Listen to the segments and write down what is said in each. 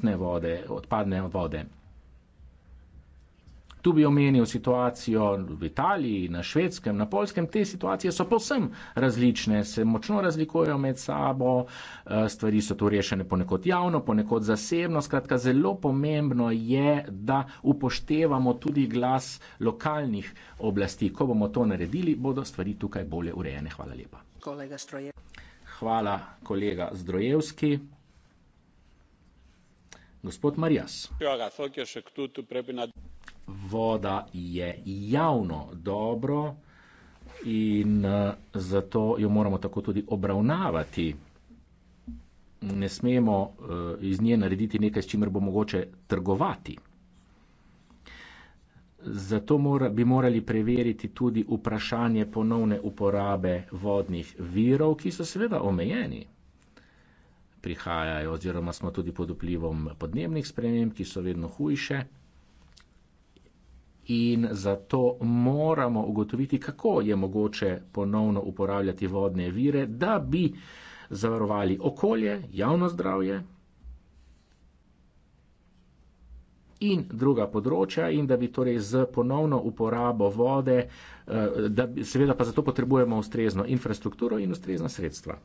pitne vode, odpadne vode. Tu bi omenil situacijo v Italiji, na švedskem, na polskem. Te situacije so posem različne, se močno razlikujejo med sabo, eh, stvari so tu rešene ponekod javno, ponekod zasebno. Skratka, zelo pomembno je, da upoštevamo tudi glas lokalnih oblasti. Ko bomo to naredili, bodo stvari tukaj bolje urejene. Hvala lepa. Kolega Hvala, kolega Zdrojevski. Gospod Marjas. Ja, Voda je javno dobro in eh, zato jo moramo tako tudi obravnavati. Ne smemo eh, iz nje narediti nekaj, s čimer bo mogoče trgovati. Zato mora, bi morali preveriti tudi vprašanje ponovne uporabe vodnih virov, ki so seveda omejeni prihajajo, oziroma smo tudi pod vplivom podnebnih sprememb, ki so vedno hujše. In zato moramo ugotoviti, kako je mogoče ponovno uporabljati vodne vire, da bi zavarovali okolje, javno zdravje in druga področja, in da bi torej z ponovno uporabo vode, eh, da seveda pa zato potrebujemo ustrezno infrastrukturo in ustrezna sredstva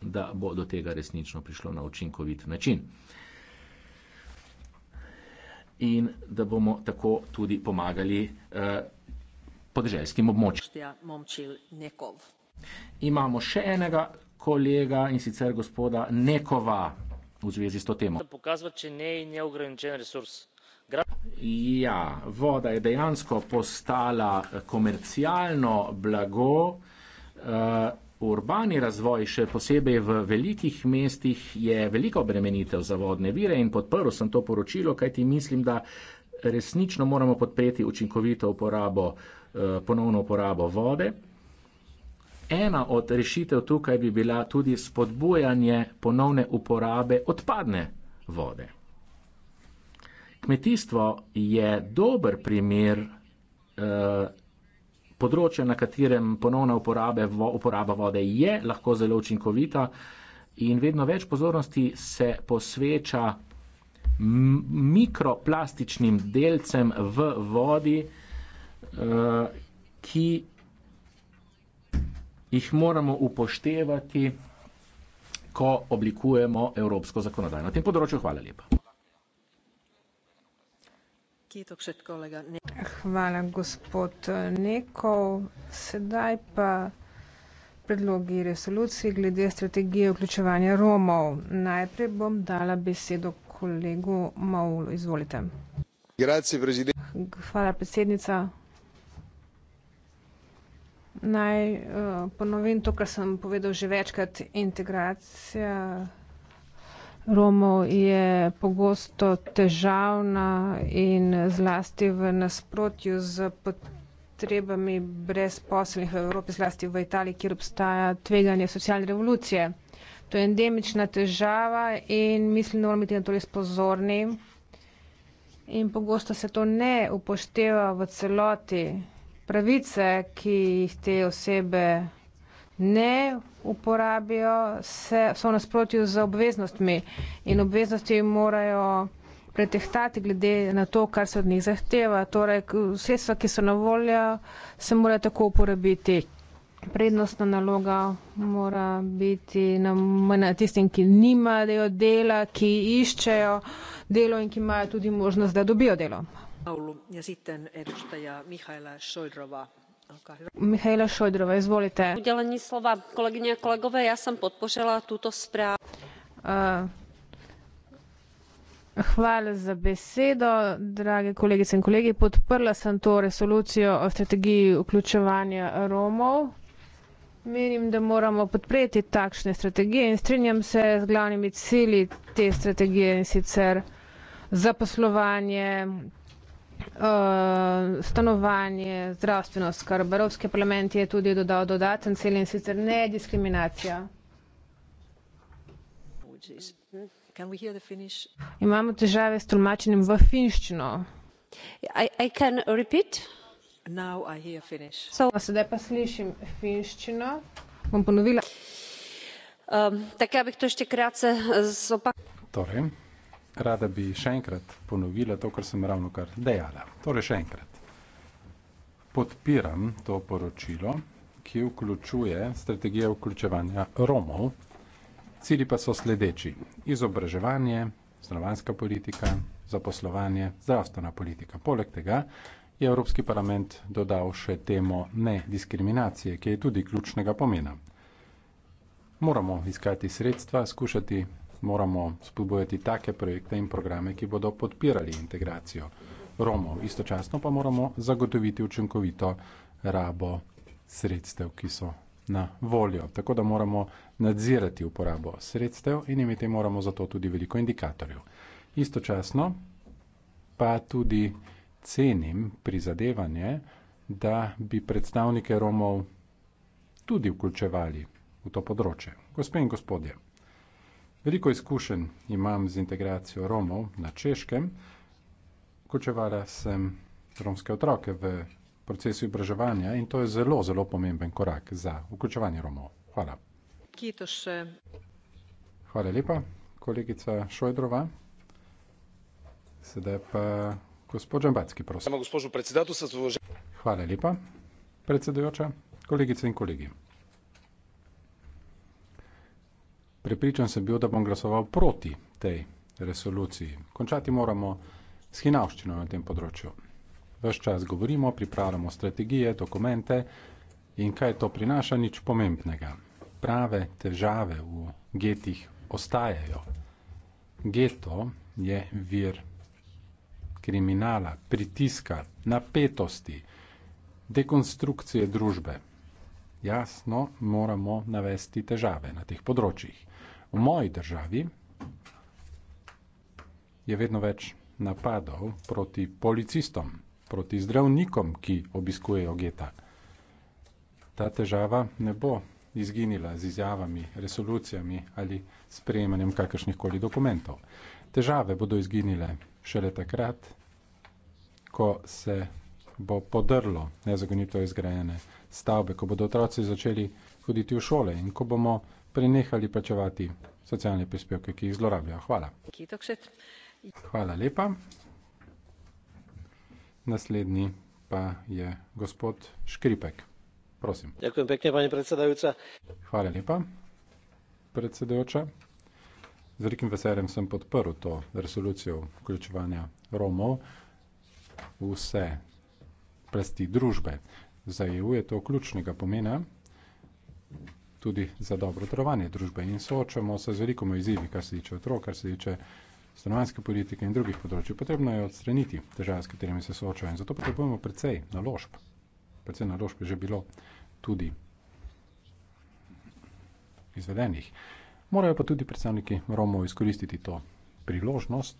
da bo do tega resnično prišlo na učinkovit način. In da bomo tako tudi pomagali eh, podeželskim območjem. Imamo še enega kolega in sicer gospoda Nekova v zvezi s to temo. Ja, voda je dejansko postala eh, komercialno blago. Eh, urbani razvoj, še posebej v velikih mestih, je veliko obremenitev za vodne vire in podprl sem to poročilo, kajti mislim, da resnično moramo podpreti učinkovito uporabo, eh, ponovno uporabo vode. Ena od rešitev tukaj bi bila tudi spodbujanje ponovne uporabe odpadne vode. Kmetijstvo je dober primer eh, področja, na katerem ponovna uporaba, vo, uporaba vode je lahko zelo učinkovita in vedno več pozornosti se posveča mikroplastičnim delcem v vodi, eh, ki jih moramo upoštevati, ko oblikujemo evropsko zakonodajo. Na tem področju hvala lepa. Hvala, gospod Nekov. Sedaj pa predlogi resolucij glede strategije vključevanja Romov. Najprej bom dala besedo kolegu Maulu. Izvolite. Hvala, predsednica. Naj uh, ponovim to, kar sem povedal že večkrat. Integracija Romov je pogosto težavna in zlasti v nasprotju z potrebami brezposelnih v Evropi, zlasti v Italiji, kjer obstaja tveganje socialne revolucije. To je endemična težava in mislim, da moramo biti na to res pozorni. In pogosto se to ne upošteva v celoti. Pravice, ki jih te osebe ne uporabijo, se, so v nasprotju z obveznostmi in obveznosti morajo pretehtati glede na to, kar se od njih zahteva. Torej, sredstva, ki so na voljo, se morajo tako uporabiti. Prednostna naloga mora biti na, na tistim, ki nimajo dela, ki iščejo delo in ki imajo tudi možnost, da dobijo delo. Ja, sitten edustaja Mihaela Šojdrova. Udělení slova kolegyně a kolegové, já jsem podpořila tuto zprávu. Eh, hvala za besedo, drage kolegice in kolegi. Podprla sem to resolucijo o strategiji vključevanja Romov. Menim, da moramo podpreti takšne strategije in strinjam se z glavnimi cilji te strategije in sicer zaposlovanje, Eh, stanovanje, zdravstveno skrb. Evropski parlament je tudi dodal dodaten cilj in sicer ne diskriminacija. Imamo težave s tolmačenjem v finščino. Sedaj pa slišim finščino. Bom ponovila. Um, tako ja bih to še kratce zopakovala. Torej rada bi še enkrat ponovila to, kar sem ravno kar dejala. Torej še enkrat. Podpiram to poročilo, ki vključuje strategijo vključevanja Romov. Cili pa so sledeči. Izobraževanje, stanovanska politika, zaposlovanje, zdravstvena politika. Poleg tega je Evropski parlament dodal še temo nediskriminacije, ki je tudi ključnega pomena. Moramo iskati sredstva, skušati moramo spodbujati take projekte in programe, ki bodo podpirali integracijo Romov. Istočasno pa moramo zagotoviti učinkovito rabo sredstev, ki so na voljo. Tako da moramo nadzirati uporabo sredstev in imeti moramo za to tudi veliko indikatorjev. Istočasno pa tudi cenim prizadevanje, da bi predstavnike Romov tudi vključevali v to področje. Gospe in gospodje, Veliko izkušenj imam z integracijo Romov na Češkem. Vključevala sem romske otroke v procesu izobraževanja in to je zelo, zelo pomemben korak za vključevanje Romov. Hvala. Kitoše. Hvala lepa, kolegica Šojdrova. Sedaj pa gospod Žambacki, prosim. Hvala lepa, predsedujoča, kolegice in kolegi. Prepričan sem bil, da bom glasoval proti tej resoluciji. Končati moramo s hinavščino na tem področju. Ves čas govorimo, pripravljamo strategije, dokumente in kaj to prinaša, nič pomembnega. Prave težave v getih ostajajo. Geto je vir kriminala, pritiska, napetosti, dekonstrukcije družbe. Jasno moramo navesti težave na teh področjih. V moji državi je vedno več napadov proti policistom, proti zdravnikom, ki obiskujejo geta. Ta težava ne bo izginila z izjavami, resolucijami ali sprejemanjem kakršnih koli dokumentov. Težave bodo izginile šele takrat, ko se bo podrlo nezakonito izgrajene stavbe, ko bodo otroci začeli hoditi v šole in ko bomo prenehali plačevati socialne prispevke, ki jih zlorabljajo. Hvala. Hvala lepa. Naslednji pa je gospod Škripek. Prosim. Hvala lepa, predsedujoča. Z velikim veseljem sem podprl to resolucijo vključevanja Romov v vse plasti družbe. Za EU je to ključnega pomena, tudi za dobro trovanje družbe in soočamo se z veliko izzivi, kar se tiče otrok, kar se tiče stanovanske politike in drugih področji. Potrebno je odstraniti težave, s katerimi se soočajo in zato potrebujemo precej naložb. Precej naložb je že bilo tudi izvedenih. Morajo pa tudi predstavniki Romov izkoristiti to priložnost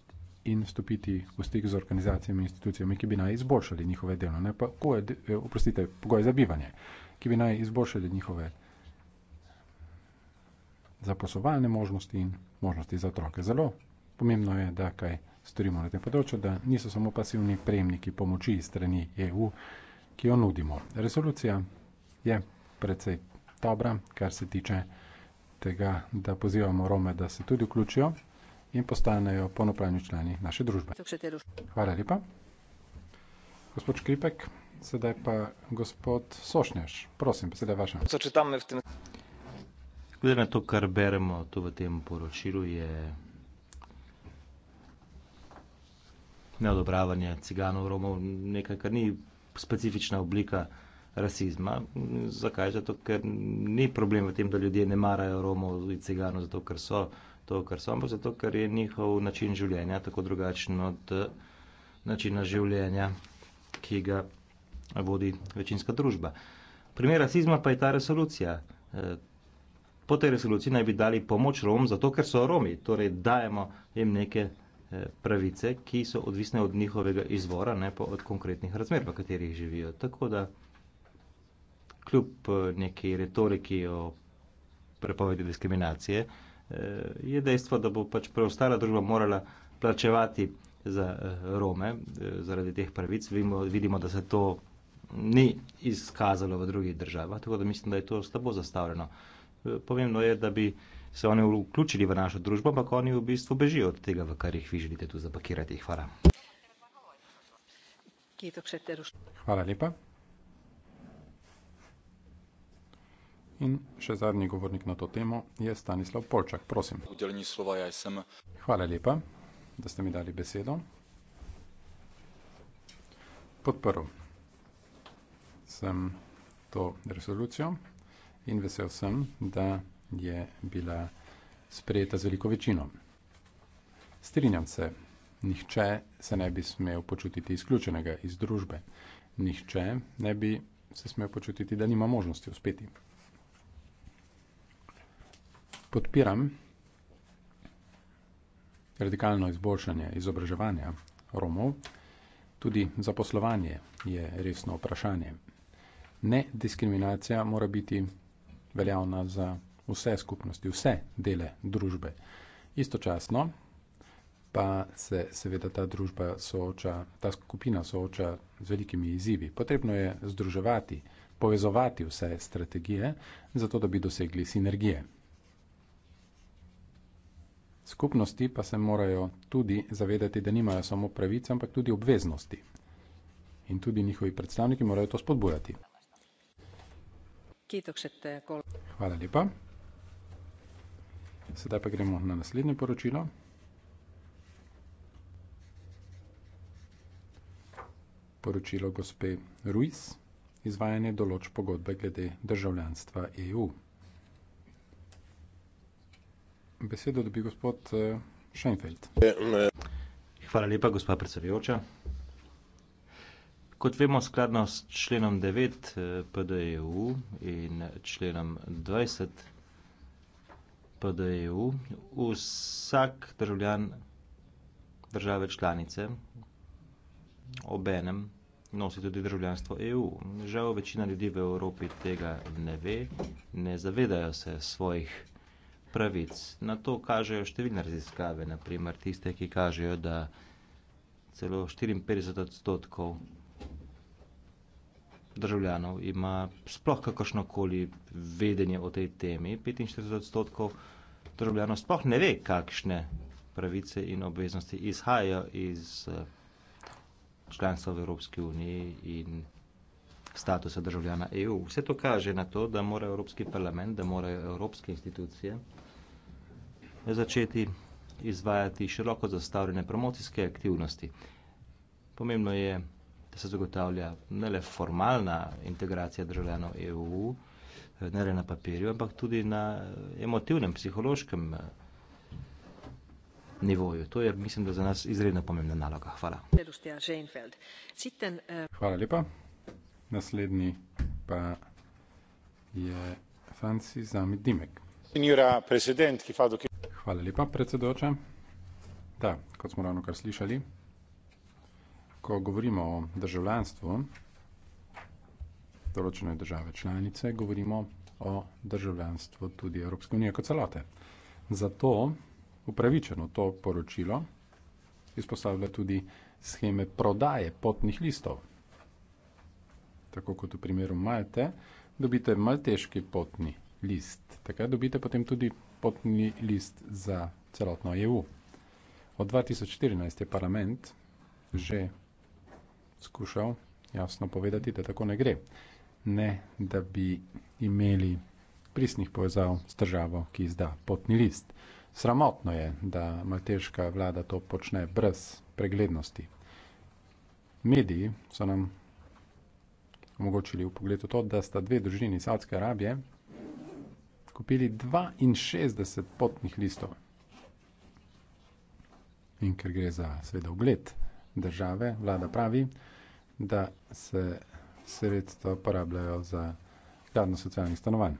in stopiti v stik z organizacijami in institucijami, ki bi naj izboljšali njihove delo, ne pa, ko je, oprostite, pogoje za bivanje, ki bi naj izboljšali njihove delo zaposlovalne možnosti in možnosti za otroke. Zelo pomembno je, da kaj storimo na tem področju, da niso samo pasivni prejemniki pomoči strani EU, ki jo nudimo. Resolucija je predvsej dobra, kar se tiče tega, da pozivamo Rome, da se tudi vključijo in postanejo ponopravni člani naše družbe. Hvala lepa. Gospod Škripek, sedaj pa gospod Sošnjaš. Prosim, beseda vaša. Glede na to, kar beremo tu v tem poročilu, je neodobravanje ciganov, romov, nekaj, kar ni specifična oblika rasizma. Zakaj? Zato, ker ni problem v tem, da ljudje ne marajo romov in ciganov, zato ker so to, kar so, ampak zato, ker je njihov način življenja tako drugačen od eh, načina življenja, ki ga vodi večinska družba. Primer rasizma pa je ta resolucija. Eh, po tej resoluciji naj bi dali pomoč Romom, zato ker so Romi. Torej, dajemo jim neke eh, pravice, ki so odvisne od njihovega izvora, ne pa od konkretnih razmer, v katerih živijo. Tako da, kljub eh, neki retoriki o prepovedi diskriminacije, eh, je dejstvo, da bo pač preostala družba morala plačevati za Rome zaradi teh pravic. Vimo, vidimo, da se to ni izkazalo v drugih državah, tako da mislim, da je to slabo zastavljeno pomembno je, da bi se oni vključili v našo družbo, ampak oni v bistvu bežijo od tega, v kar jih vi želite tu zapakirati. Hvala. Hvala lepa. In še zadnji govornik na to temo je Stanislav Polčak. Prosim. Ja, Hvala lepa, da ste mi dali besedo. Podprl sem to resolucijo in vesel sem, da je bila sprejeta z veliko večino. Strinjam se, nihče se ne bi smel počutiti izključenega iz družbe, nihče ne bi se smel počutiti, da nima možnosti uspeti. Podpiram radikalno izboljšanje izobraževanja Romov, tudi zaposlovanje je resno vprašanje. Ne diskriminacija mora biti veljavna za vse skupnosti, vse dele družbe. Istočasno pa se seveda ta družba sooča, ta skupina sooča z velikimi izzivi. Potrebno je združevati, povezovati vse strategije, zato da bi dosegli sinergije. Skupnosti pa se morajo tudi zavedati, da nimajo samo pravice, ampak tudi obveznosti. In tudi njihovi predstavniki morajo to spodbujati. Eh, Hvala lepa. Sedaj pa gremo na naslednje poročilo. Poročilo gospe Ruiz, izvajanje določb pogodbe glede državljanstva EU. Besedo dobi gospod, Šenfeld. Eh, Hvala lepa, gospa predsedujoča. Kot vemo, skladno s členom 9 eh, PDEU in členom 20 PDEU, vsak državljan države članice obenem nosi tudi državljanstvo EU. Žal večina ljudi v Evropi tega ne ve, ne zavedajo se svojih pravic. Na to kažejo številne raziskave, naprimer tiste, ki kažejo, da celo 54 odstotkov državljanov ima sploh kakršno koli vedenje o tej temi. 45 odstotkov državljanov sploh ne ve, kakšne pravice in obveznosti izhajajo iz eh, članstva v Evropski uniji in statusa državljana EU. Vse to kaže na to, da mora Evropski parlament, da morajo evropske institucije začeti izvajati široko zastavljene promocijske aktivnosti. Pomembno je, se zagotavlja ne le formalna integracija državljanov EU, ne le na papirju, ampak tudi na emotivnem, psihološkem eh, nivoju. To je, mislim, da za nas izredno pomembna naloga. Hvala. Hvala lepa. Naslednji pa je Franci Zamit Dimek. Hvala lepa, predsedujoča. Da, kot smo ravno kar slišali, ko govorimo o državljanstvu določene države članice, govorimo o državljanstvu tudi Evropske unije kot celote. Zato upravičeno to poročilo izpostavlja tudi scheme prodaje potnih listov. Tako kot v primeru Malte, dobite malteški potni list. Takrat dobite potem tudi potni list za celotno EU. Od 2014 je parlament že skušal jasno povedati, da tako ne gre. Ne, da bi imeli pristnih povezav s državo, ki izda potni list. Sramotno je, da malteška vlada to počne brez preglednosti. Mediji so nam omogočili v pogledu to, da sta dve družini Saudske Arabije kupili 62 potnih listov. In ker gre za sveda ugled države, vlada pravi, da se sredstva porabljajo za gradno socialnih stanovanj.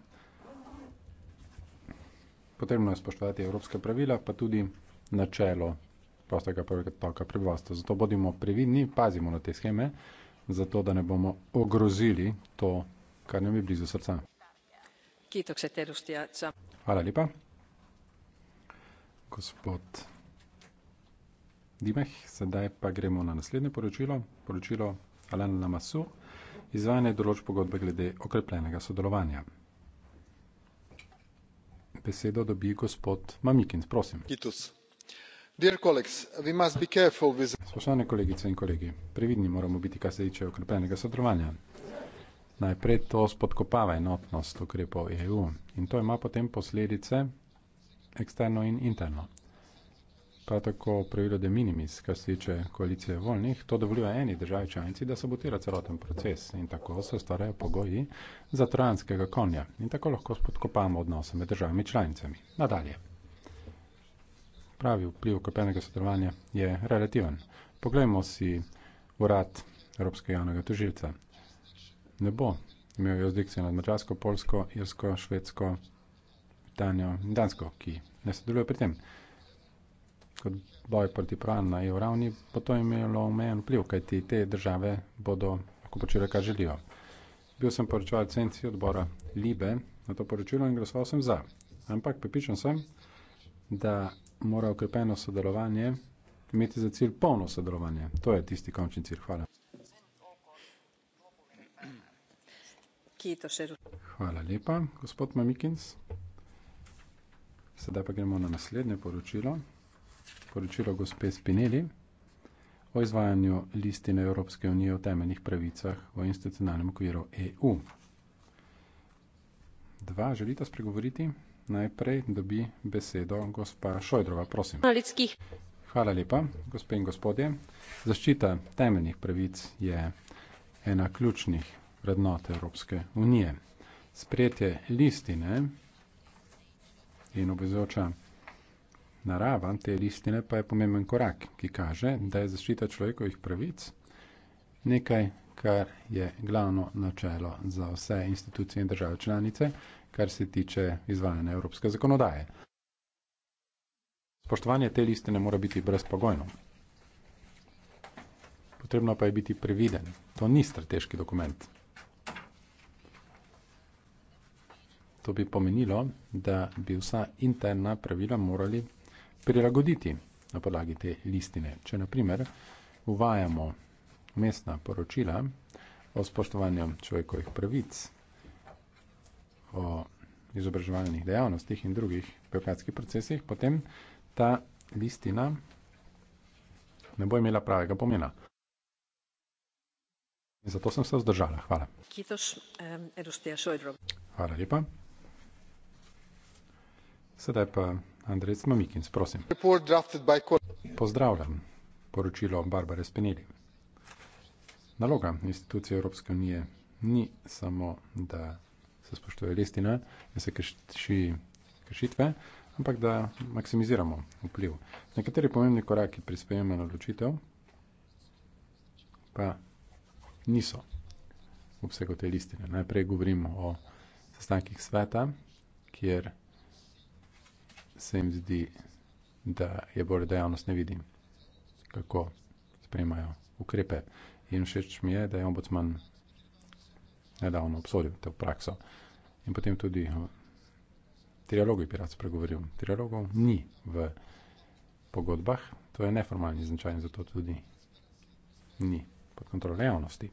Potrebno je spoštovati evropske pravila, pa tudi načelo prostega toka prebivalstva. Zato bodimo previdni, pazimo na te scheme, zato da ne bomo ogrozili to, kar nam je blizu srca. Hvala lepa. Gospod Dimeh, sedaj pa gremo na naslednje poročilo. Poročilo Alain Lamassou, izvajanje določ pogodbe glede okrepljenega sodelovanja. Besedo dobi gospod Mamikins, prosim. Kitus. Spoštovane kolegice in kolegi, previdni moramo biti, kar se tiče okrepljenega sodelovanja. Najprej to spodkopava enotnost ukrepov EU in to ima potem posledice eksterno in interno prav tako pravilo de minimis, kar se tiče koalicije voljnih, to dovoljuje eni državi članici, da sabotira celoten proces in tako se ustvarjajo pogoji za trojanskega konja in tako lahko spodkopamo odnose med državami članicami. Nadalje. Pravi vpliv kopenega sodelovanja je relativen. Poglejmo si urad Evropskega javnega tožilca. Ne bo imel jurisdikcije nad Mačarsko, Polsko, Irsko, Švedsko, Danijo in Dansko, ki ne sodelujejo pri tem kot boj proti pravim na EU ravni, bo to imelo omejen vpliv, kajti te države bodo lahko počele, kar želijo. Bil sem poročal cenci odbora Libe na to poročilo in glasoval sem za. Ampak pripričan sem, da mora okrepeno sodelovanje imeti za cilj polno sodelovanje. To je tisti končni cilj. Hvala. Hvala lepa, gospod Mamikins. Sedaj pa gremo na naslednje poročilo poročilo gospe Spinelli o izvajanju listine Evropske unije o temeljnih pravicah v institucionalnem okviru EU. Dva, želite spregovoriti? Najprej dobi besedo gospa Šojdrova, prosim. Hvala lepa, gospe in gospodje. Zaščita temeljnih pravic je ena ključnih vrednot Evropske unije. Sprejetje listine in obvezujoča narava te listine pa je pomemben korak, ki kaže, da je zaščita človekovih pravic nekaj, kar je glavno načelo za vse institucije in države članice, kar se tiče izvajanja evropske zakonodaje. Spoštovanje te listine mora biti brezpogojno. Potrebno pa je biti previden. To ni strateški dokument. To bi pomenilo, da bi vsa interna pravila morali prilagoditi na podlagi te listine. Če naprimer uvajamo mestna poročila o spoštovanju človekovih pravic, o izobraževalnih dejavnostih in drugih biokratskih procesih, potem ta listina ne bo imela pravega pomena. In zato sem se vzdržala. Hvala. Hvala lepa. Sedaj pa Andrej Mamikins, prosim. Pozdravljam poročilo Barbare Spinelli. Naloga institucije Evropske unije ni samo, da se spoštuje listina in se krši kršitve, ampak da maksimiziramo vpliv. Nekateri pomembni koraki pri sprejemu odločitev pa niso v obsegu te listine. Najprej govorimo o sestankih sveta, kjer se jim zdi, da je bolj dejavnost ne vidim, kako sprejmajo ukrepe. In všeč mi je, da je ombudsman nedavno obsodil to prakso. In potem tudi o trialogu bi rad spregovoril. Trialogov ni v pogodbah, to je neformalni značaj in zato tudi ni pod kontrolo javnosti.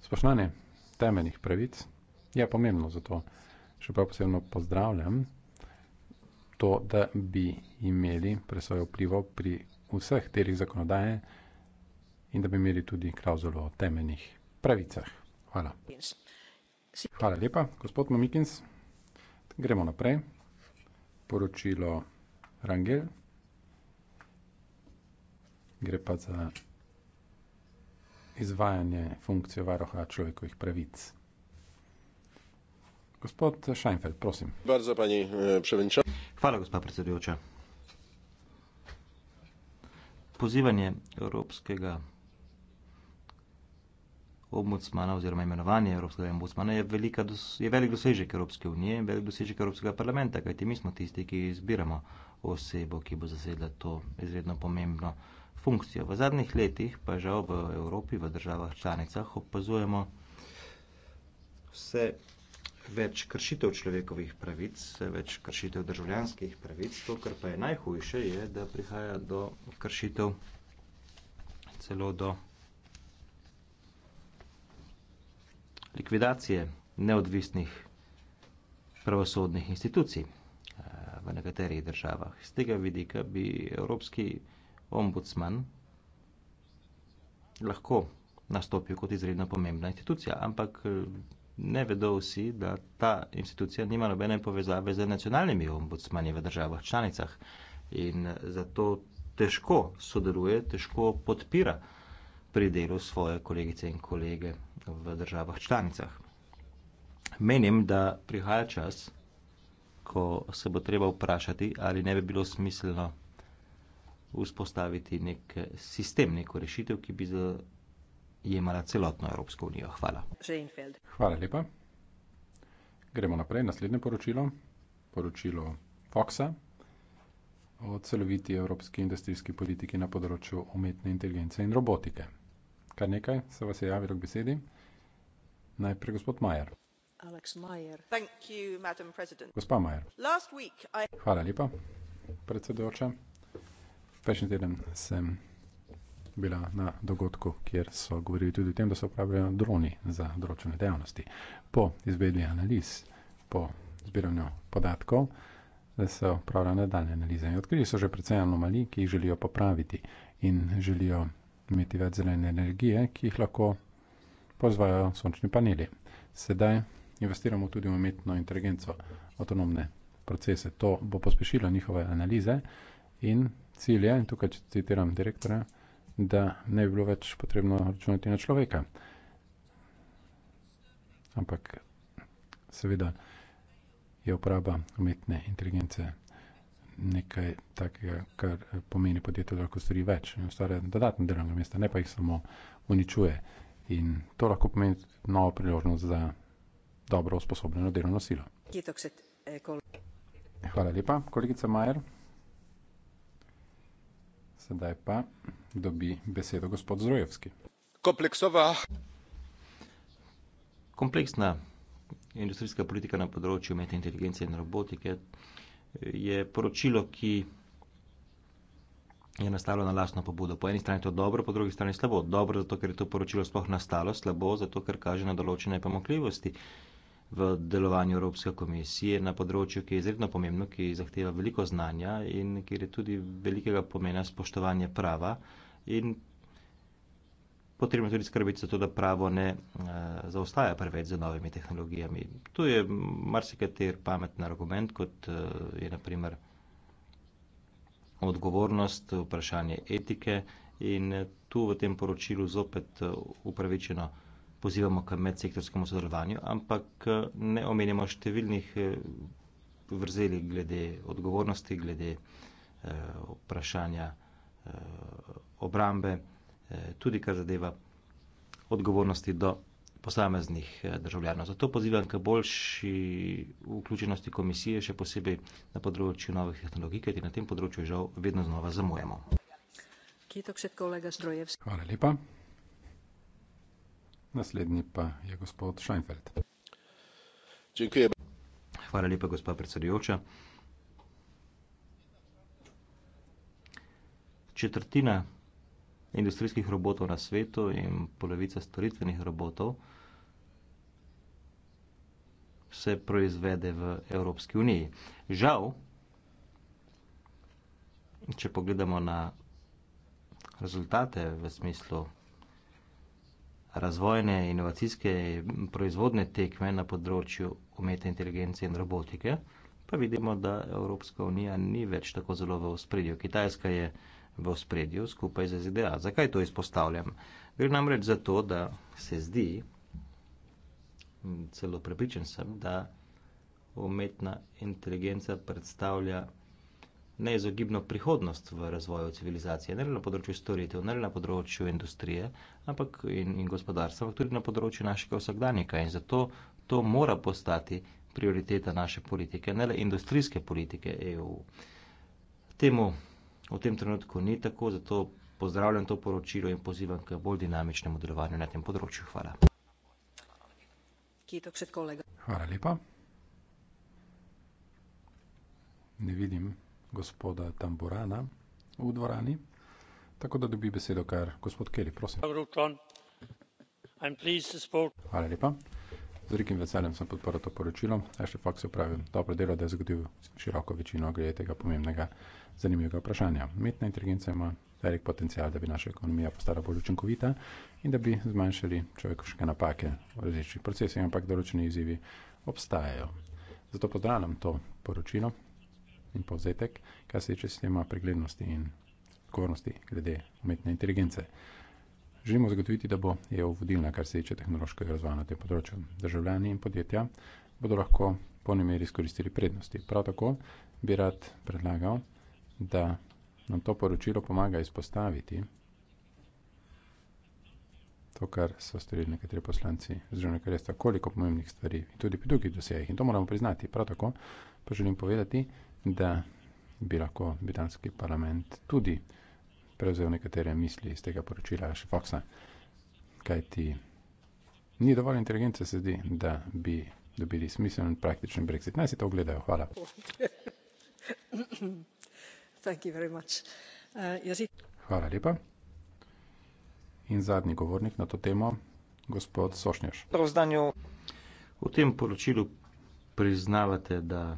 Spoštovanje temeljnih pravic je pomembno, zato še prav posebno pozdravljam to, da bi imeli presojo vplivov pri vseh delih zakonodaje in da bi imeli tudi klauzulo o temeljnih pravicah. Hvala. Hvala lepa, gospod Mamikins. Gremo naprej. Poročilo Rangel. Gre pa za izvajanje funkcije varoha človekovih pravic. Gospod Scheinfeld, prosim. Bardzo pani e, przewodnicząca. Hvala, gospa predsedujoča. Pozivanje evropskega ombudsmana oziroma imenovanje evropskega ombudsmana je velika je velik dosežek Evropske unije in velik dosežek Evropskega parlamenta, kajti mi smo tisti, ki izbiramo osebo, ki bo zasedla to izredno pomembno funkcijo. V zadnjih letih pa žal v Evropi, v državah članicah opazujemo vse več kršitev človekovih pravic, več kršitev državljanskih pravic. To, kar pa je najhujše, je, da prihaja do kršitev celo do likvidacije neodvisnih pravosodnih institucij eh, v nekaterih državah. Z tega vidika bi evropski ombudsman lahko nastopil kot izredno pomembna institucija, ampak eh, ne vedo vsi, da ta institucija nima nobene povezave z nacionalnimi ombudsmani v državah članicah in zato težko sodeluje, težko podpira pri delu svoje kolegice in kolege v državah članicah. Menim, da prihaja čas, ko se bo treba vprašati, ali ne bi bilo smiselno vzpostaviti nek sistem, neko rešitev, ki bi za jemala celotno Evropsko unijo. Hvala. Schoenfeld. Hvala lepa. Gremo naprej. Naslednje poročilo. Poročilo Foxa o celoviti evropski industrijski politiki na področju umetne inteligence in robotike. Kar nekaj se vas je javilo k besedi. Najprej gospod Majer. Alex Majer. Thank you, Madam President. Gospa Majer. Hvala lepa, predsedujoča. Prejšnji teden sem bila na dogodku, kjer so govorili tudi o tem, da se upravljajo droni za določene dejavnosti. Po izvedbi analiz, po zbiranju podatkov, da se upravljajo nadaljne analize. In odkrili so že precej anomalij, ki jih želijo popraviti in želijo imeti več zelene energije, ki jih lahko proizvajajo sončni paneli. Sedaj investiramo tudi v umetno inteligenco, avtonomne procese. To bo pospešilo njihove analize in cilje, in tukaj citiram direktorja, da ne bi bilo več potrebno računati na človeka. Ampak seveda je uporaba umetne inteligence nekaj takega, kar pomeni podjetje, da lahko stori več in ustvarja dodatne delovne mesta, ne pa jih samo uničuje. In to lahko pomeni novo priložnost za dobro usposobljeno delovno silo. Eh, Hvala lepa, kolegica Majer. Sedaj pa dobi besedo gospod Zrojevski. Kompleksova. Kompleksna industrijska politika na področju umetne inteligence in robotike je poročilo, ki je nastalo na lastno pobudo. Po eni strani je to dobro, po drugi strani slabo. Dobro zato, ker je to poročilo sploh nastalo, slabo zato, ker kaže na določene pomakljivosti v delovanju Evropske komisije na področju, ki je izredno pomembno, ki zahteva veliko znanja in kjer je tudi velikega pomena spoštovanje prava. Potrebno je tudi skrbeti za to, da pravo ne uh, zaostaja preveč za novimi tehnologijami. Tu je marsikater pameten argument, kot uh, je naprimer odgovornost, vprašanje etike in eh, tu v tem poročilu zopet uh, upravičeno uh, pozivamo k medsektorskemu sodelovanju, ampak eh, ne omenjamo številnih eh, vrzeli glede odgovornosti, glede eh, vprašanja obrambe, tudi kar zadeva odgovornosti do posameznih državljanov. Zato pozivam k boljši vključenosti komisije, še posebej na področju novih tehnologij, kajti na tem področju žal vedno znova zamujamo. Kitok, še kolega Strojevski. Hvala lepa. Hvala lepa, gospa predsedujoča. Četrtina industrijskih robotov na svetu in polovica storitvenih robotov se proizvede v Evropski uniji. Žal, če pogledamo na rezultate v smislu razvojne inovacijske proizvodne tekme na področju umetne inteligence in robotike, pa vidimo, da Evropska unija ni več tako zelo v ospredju. Kitajska je v ospredju skupaj z ZDA. Zakaj to izpostavljam? Gre namreč za to, da se zdi, celo prepričan sem, da umetna inteligenca predstavlja neizogibno prihodnost v razvoju civilizacije, ne le na področju storitev, ne le na področju industrije, ampak in, in gospodarstva, ampak tudi na področju našega vsakdanjika. In zato to mora postati prioriteta naše politike, ne le industrijske politike EU. Temu v tem trenutku ni tako, zato pozdravljam to poročilo in pozivam k bolj dinamičnemu delovanju na tem področju. Hvala. Hvala lepa. Ne vidim gospoda Tamburana v dvorani. Tako da dobi besedo kar gospod Keli, prosim. Hvala lepa. Z velikim veseljem sem podprl to poročilo. Ashley Fox je upravil dobro delo, da je zgodil široko večino glede tega pomembnega, zanimivega vprašanja. Umetna inteligenca ima velik potencial, da bi naša ekonomija postala bolj učinkovita in da bi zmanjšali človekoške napake v različnih procesih, ampak določeni izzivi obstajajo. Zato pozdravljam to poročilo, in povzetek, kar se tiče sistema preglednosti in odgovornosti glede umetne inteligence. Želimo zagotoviti, da bo EU vodilna, kar se tiče tehnološkega razvoja na tem področju. Državljani in podjetja bodo lahko po nemeri izkoristili prednosti. Prav tako bi rad predlagal, da nam to poročilo pomaga izpostaviti to, kar so storili nekateri poslanci Združenega kraljestva, koliko pomembnih stvari in tudi pri drugih dosejih. In to moramo priznati. Prav tako pa želim povedati, da bi lahko britanski parlament tudi prevzel nekatere misli iz tega poročila Šefoksa, kajti ni dovolj inteligence se zdi, da bi dobili smiseln in praktičen brexit. Naj si to ogledajo. Hvala. Uh, Hvala lepa. In zadnji govornik na to temo, gospod Sošnjaš. V tem poročilu priznavate, da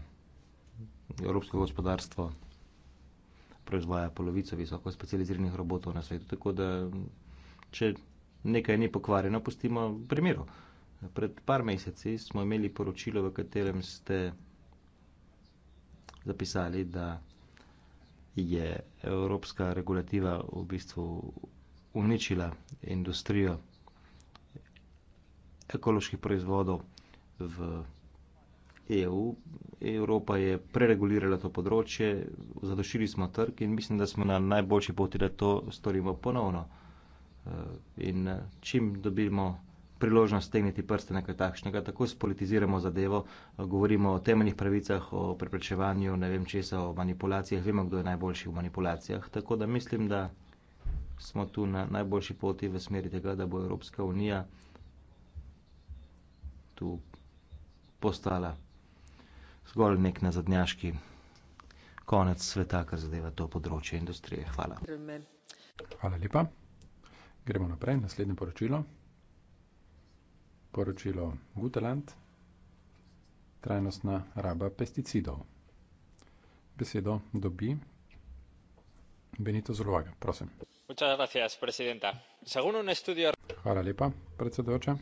evropsko gospodarstvo proizvaja polovico visoko specializiranih robotov na svetu. Tako da, če nekaj ni pokvarjeno, pustimo primeru. Pred par meseci smo imeli poročilo, v katerem ste zapisali, da je evropska regulativa v bistvu uničila industrijo ekoloških proizvodov v EU. Evropa je preregulirala to področje, zadošili smo trg in mislim, da smo na najboljši poti, da to storimo ponovno. E, in e, čim dobimo priložnost stegniti prste nekaj takšnega, tako spolitiziramo zadevo, e, govorimo o temeljnih pravicah, o preprečevanju, ne vem česa, o manipulacijah, vemo, kdo je najboljši v manipulacijah. Tako da mislim, da smo tu na najboljši poti v smeri tega, da bo Evropska unija tu postala zgolj nek nazadnjaški konec sveta, kar zadeva to področje industrije. Hvala. Hvala lepa. Gremo naprej. Naslednje poročilo. Poročilo Guteland. Trajnostna raba pesticidov. Besedo dobi Benito Zulvaga. Prosim. Hvala lepa, predsedujoča.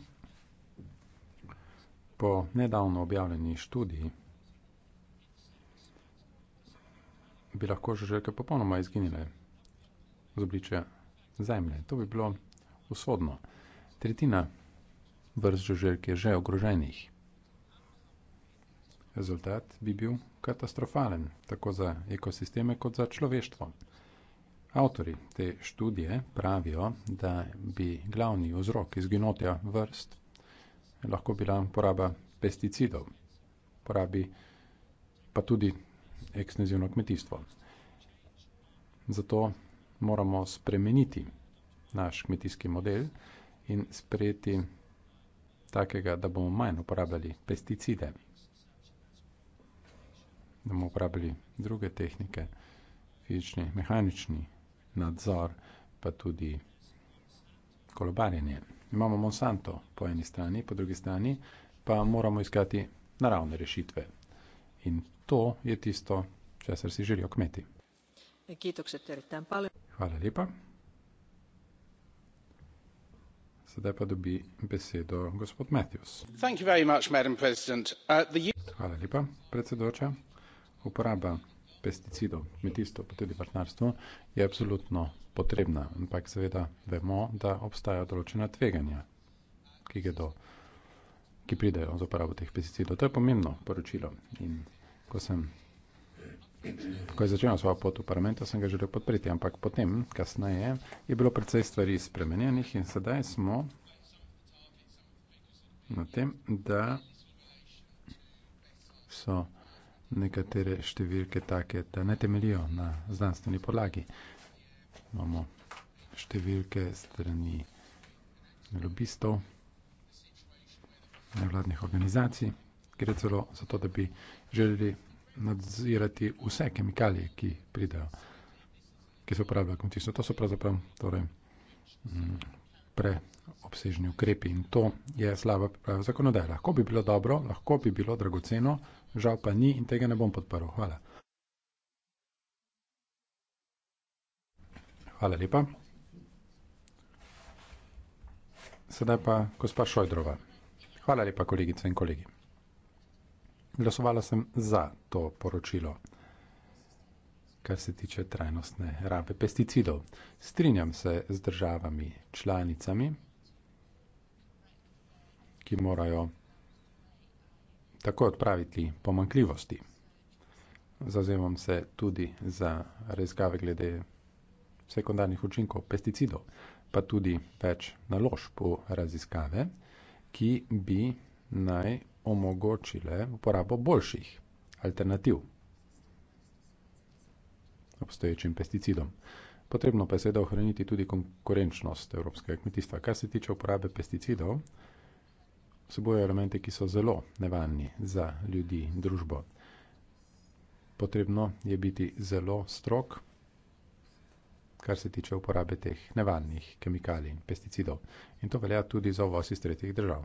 Po nedavno objavljeni študiji bi lahko žuželke popolnoma izginile z obliče zemlje. To bi bilo usodno. Tretjina vrst žuželk je že ogroženih. Rezultat bi bil katastrofalen, tako za ekosisteme kot za človeštvo. Avtori te študije pravijo, da bi glavni vzrok izginotja vrst lahko bila poraba pesticidov, porabi pa tudi ekstenzivno kmetijstvo. Zato moramo spremeniti naš kmetijski model in sprejeti takega, da bomo manj uporabljali pesticide, da bomo uporabljali druge tehnike, fizični, mehanični nadzor, pa tudi kolobarjenje. Imamo Monsanto po eni strani, po drugi strani pa moramo iskati naravne rešitve. In To je tisto, česar si želijo kmeti. Hvala lepa. Sedaj pa dobi besedo gospod Matthews. Uh, Hvala lepa, predsedoča. Uporaba pesticidov, kmetijstvo, pa tudi partnerstvo je absolutno potrebna, ampak seveda vemo, da obstajajo določena tveganja, ki, do, ki pridejo z uporabo teh pesticidov. To je pomembno poročilo in ko sem ko je začel svojo pot v parlamentu, sem ga želel podpreti, ampak potem, kasneje, je bilo precej stvari spremenjenih in sedaj smo na tem, da so nekatere številke take, da ne temelijo na znanstveni podlagi. Imamo številke strani lobistov, nevladnih organizacij gre celo za to, da bi želeli nadzirati vse kemikalije, ki pridejo, ki se uporabljajo kot tisto. To so pravzaprav torej, mm, preobsežni ukrepi in to je slaba priprava zakonodaja. Lahko bi bilo dobro, lahko bi bilo dragoceno, žal pa ni in tega ne bom podprl. Hvala. Hvala lepa. Sedaj pa gospa Šojdrova. Hvala lepa, kolegice in kolegi glasovala sem za to poročilo, kar se tiče trajnostne rabe pesticidov. Strinjam se z državami članicami, ki morajo tako odpraviti pomankljivosti. Zazemam se tudi za rezgave glede sekundarnih učinkov pesticidov, pa tudi več naložb v raziskave, ki bi naj omogočile uporabo boljših alternativ obstoječim pesticidom. Potrebno pa je seveda ohraniti tudi konkurenčnost evropskega kmetijstva. Kar se tiče uporabe pesticidov, vsebojo elemente, ki so zelo nevarni za ljudi in družbo. Potrebno je biti zelo strok, kar se tiče uporabe teh nevarnih kemikalij in pesticidov. In to velja tudi za ovoz iz tretjih držav.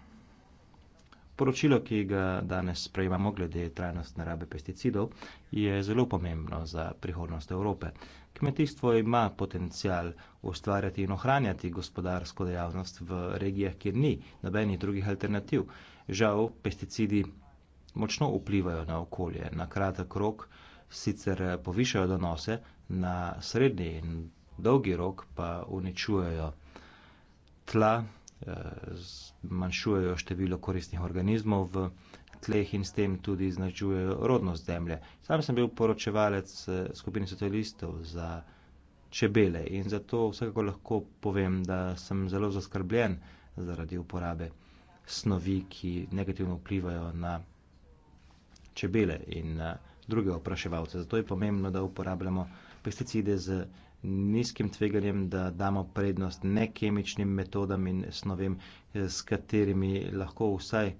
Poročilo, ki ga danes sprejemamo glede trajnostne rabe pesticidov, je zelo pomembno za prihodnost Evrope. Kmetijstvo ima potencial ustvarjati in ohranjati gospodarsko dejavnost v regijah, kjer ni nobenih drugih alternativ. Žal, pesticidi močno vplivajo na okolje, na kratek rok sicer povišajo donose, na srednji in dolgi rok pa uničujejo tla, Eh, zmanjšujejo število koristnih organizmov v tleh in s tem tudi značujejo rodnost zemlje. Sam sem bil poročevalec eh, skupine socialistov za čebele in zato vsekako lahko povem, da sem zelo zaskrbljen zaradi uporabe snovi, ki negativno vplivajo na čebele in eh, druge opraševalce. Zato je pomembno, da uporabljamo pesticide z nizkim tveganjem, da damo prednost nekemičnim metodam in snovem, eh, s katerimi lahko vsaj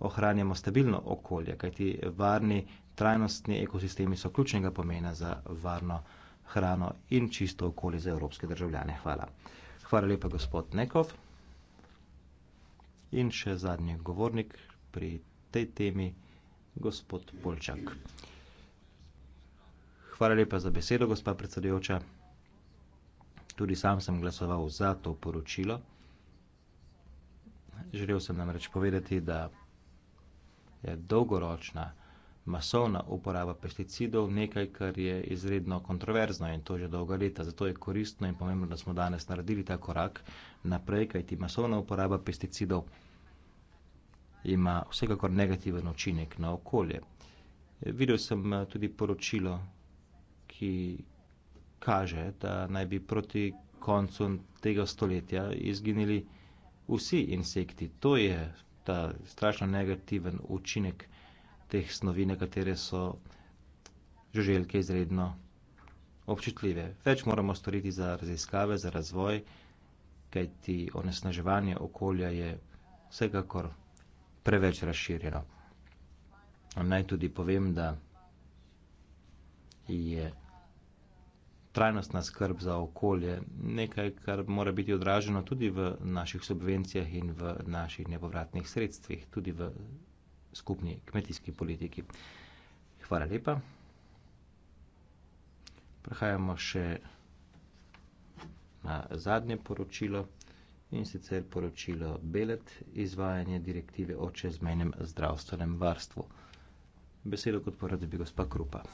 ohranjamo stabilno okolje, kajti varni trajnostni ekosistemi so ključnega pomena za varno hrano in čisto okolje za evropske državljane. Hvala. Hvala lepa, gospod Nekov. In še zadnji govornik pri tej temi, gospod Polčak. Hvala lepa za besedo, gospa predsedujoča. Tudi sam sem glasoval za to poročilo. Želel sem namreč povedati, da je dolgoročna masovna uporaba pesticidov nekaj, kar je izredno kontroverzno in to že dolga leta. Zato je koristno in pomembno, da smo danes naredili ta korak naprej, kajti masovna uporaba pesticidov ima vsekakor negativen učinek na okolje. Videl sem eh, tudi poročilo, ki kaže, da naj bi proti koncu tega stoletja izginili vsi insekti. To je ta strašno negativen učinek teh snovi, na katere so žuželke izredno občutljive. Več moramo storiti za raziskave, za razvoj, kajti onesnaževanje okolja je vsekakor preveč razširjeno. Naj tudi povem, da je trajnostna skrb za okolje, nekaj, kar mora biti odraženo tudi v naših subvencijah in v naših nepovratnih sredstvih, tudi v skupni kmetijski politiki. Hvala lepa. Prehajamo še na zadnje poročilo in sicer poročilo Belet izvajanje direktive o čezmenem zdravstvenem varstvu. Besedo kot poradi bi gospa Krupa.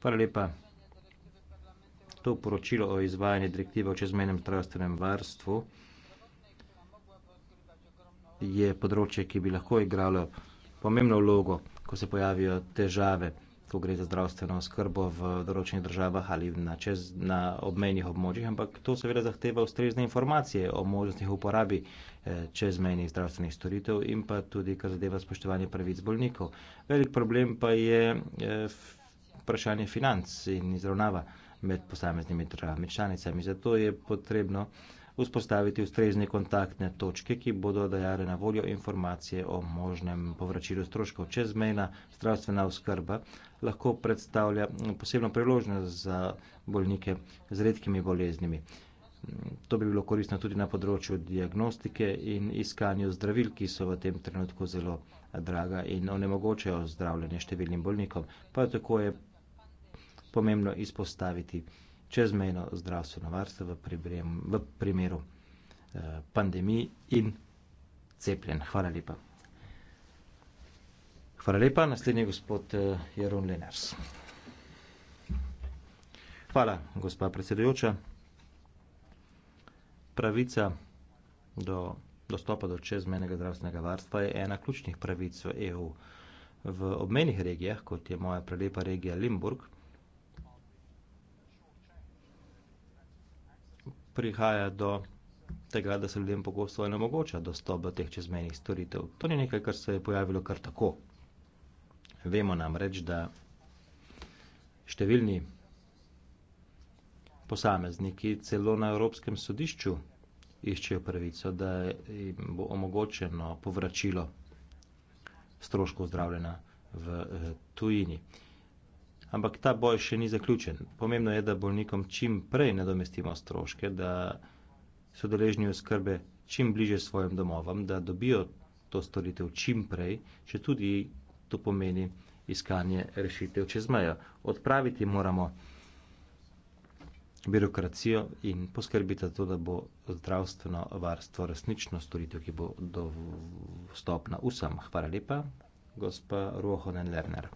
Hvala lepa to poročilo o izvajanju direktive o čezmejnem zdravstvenem varstvu je področje ki bi lahko igralo pomembno vlogo ko se pojavijo težave ko gre za zdravstveno oskrbo v določenih državah ali na, čez, na obmejnih območjih, ampak to seveda zahteva ustrezne informacije o možnostih uporabi eh, čezmejnih zdravstvenih storitev in pa tudi, kar zadeva spoštovanje pravic bolnikov. Velik problem pa je eh, vprašanje financ in izravnava eh, med posameznimi državami članicami. Zato je potrebno vzpostaviti ustrezne kontaktne točke, ki bodo dajale na voljo informacije o možnem povračilu stroškov. Čezmejna zdravstvena oskrba lahko predstavlja posebno priložnost za bolnike z redkimi boleznimi. To bi bilo koristno tudi na področju diagnostike in iskanju zdravil, ki so v tem trenutku zelo draga in onemogočajo zdravljenje številnim bolnikom. Pa tako je pomembno izpostaviti čezmejno zdravstveno varstvo v, pribrem, v primeru eh, pandemij in cepljen. Hvala lepa. Hvala lepa. Naslednji gospod eh, Jeron Lenars. Hvala, gospa predsedujoča. Pravica do dostopa do čezmejnega zdravstvenega varstva je ena ključnih pravic v EU. V obmejnih regijah, kot je moja prelepa regija Limburg, prihaja do tega, da se ljudem pogosto ne omogoča dostop do teh čezmejnih storitev. To ni nekaj, kar se je pojavilo kar tako. Vemo nam reč, da številni posamezniki celo na Evropskem sodišču iščejo pravico, da jim bo omogočeno povračilo stroškov zdravljena v eh, tujini. Ampak ta boj še ni zaključen. Pomembno je, da bolnikom čim prej nadomestimo stroške, da so deležni oskrbe čim bliže svojim domovam, da dobijo to storitev čim prej, še tudi to pomeni iskanje rešitev čez mejo. Odpraviti moramo birokracijo in poskrbiti za to, da bo zdravstveno varstvo resnično storitev, ki bo dostopna vsem. Hvala lepa, gospa Ruohonen Lerner.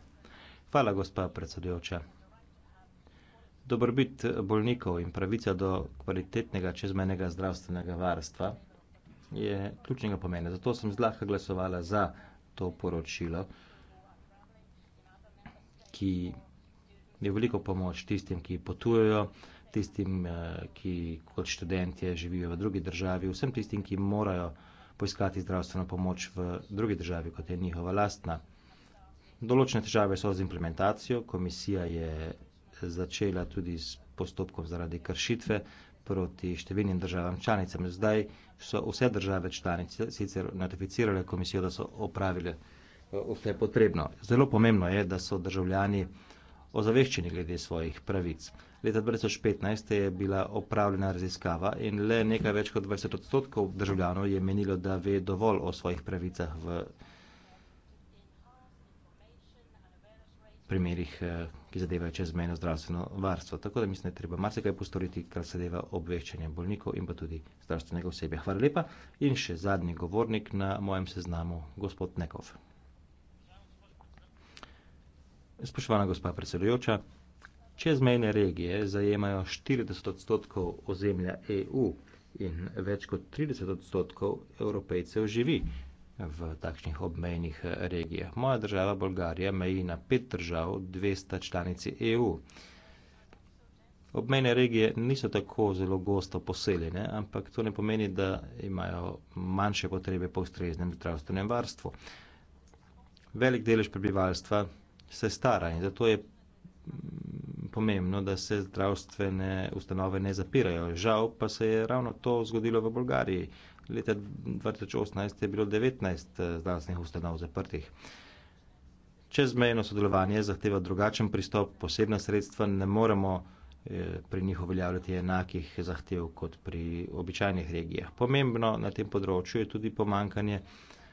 Hvala, gospa predsedujoča. Dobrobit bolnikov in pravica do kvalitetnega čezmenega zdravstvenega varstva je ključnega pomena. Zato sem zlahka glasovala za to poročilo, ki je veliko pomoč tistim, ki potujejo, tistim, eh, ki kot študentje živijo v drugi državi, vsem tistim, ki morajo poiskati zdravstveno pomoč v drugi državi, kot je njihova lastna. Določene težave so z implementacijo, komisija je začela tudi s postopkom zaradi kršitve proti številnim državam članicam. Zdaj so vse države članice sicer notificirale komisijo, da so opravile eh, vse potrebno. Zelo pomembno je, da so državljani ozaveščeni glede svojih pravic. Leta 2015 je bila opravljena raziskava in le nekaj več kot 20 odstotkov državljanov je menilo, da ve dovolj o svojih pravicah v državi. primerih, eh, ki zadevajo čezmejno zdravstveno varstvo. Tako da mislim, da je treba marsikaj postoriti, kar zadeva obveščanje bolnikov in pa tudi zdravstvenega osebja. Hvala lepa. In še zadnji govornik na mojem seznamu, gospod Nekov. Spoštovana gospa predsedujoča, čezmejne regije zajemajo 40 odstotkov ozemlja EU in več kot 30 odstotkov evropejcev živi v takšnih obmejnih eh, regijah. Moja država Bolgarija meji na pet držav, 200 članici EU. Obmejne regije niso tako zelo gosto poseljene, ampak to ne pomeni, da imajo manjše potrebe po ustreznem zdravstvenem varstvu. Velik delež prebivalstva se stara in zato je pomembno, da se zdravstvene ustanove ne zapirajo. Žal pa se je ravno to zgodilo v Bolgariji. Leta 2018 je bilo 19 eh, zdravstvenih ustanov zaprtih. Čezmejno sodelovanje zahteva drugačen pristop, posebna sredstva ne moremo eh, pri njih uveljavljati enakih zahtev kot pri običajnih regijah. Pomembno na tem področju je tudi pomankanje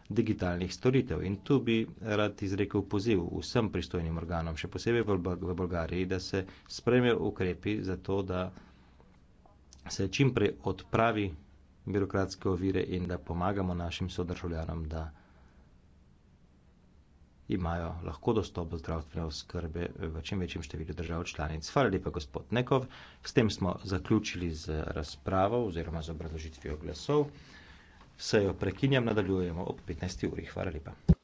digitalnih storitev. In tu bi rad izrekel poziv vsem pristojnim organom, še posebej v Bolgariji, da se spremejo ukrepi za to, da se čim prej odpravi birokratske ovire in da pomagamo našim sodržavljanom, da imajo lahko dostop do zdravstvene oskrbe v čim večjem številu držav članic. Hvala lepa, gospod Nekov. S tem smo zaključili z razpravo oziroma z obrazložitvijo glasov sejo prekinjam, nadaljujemo ob 15. uri. Hvala lepa.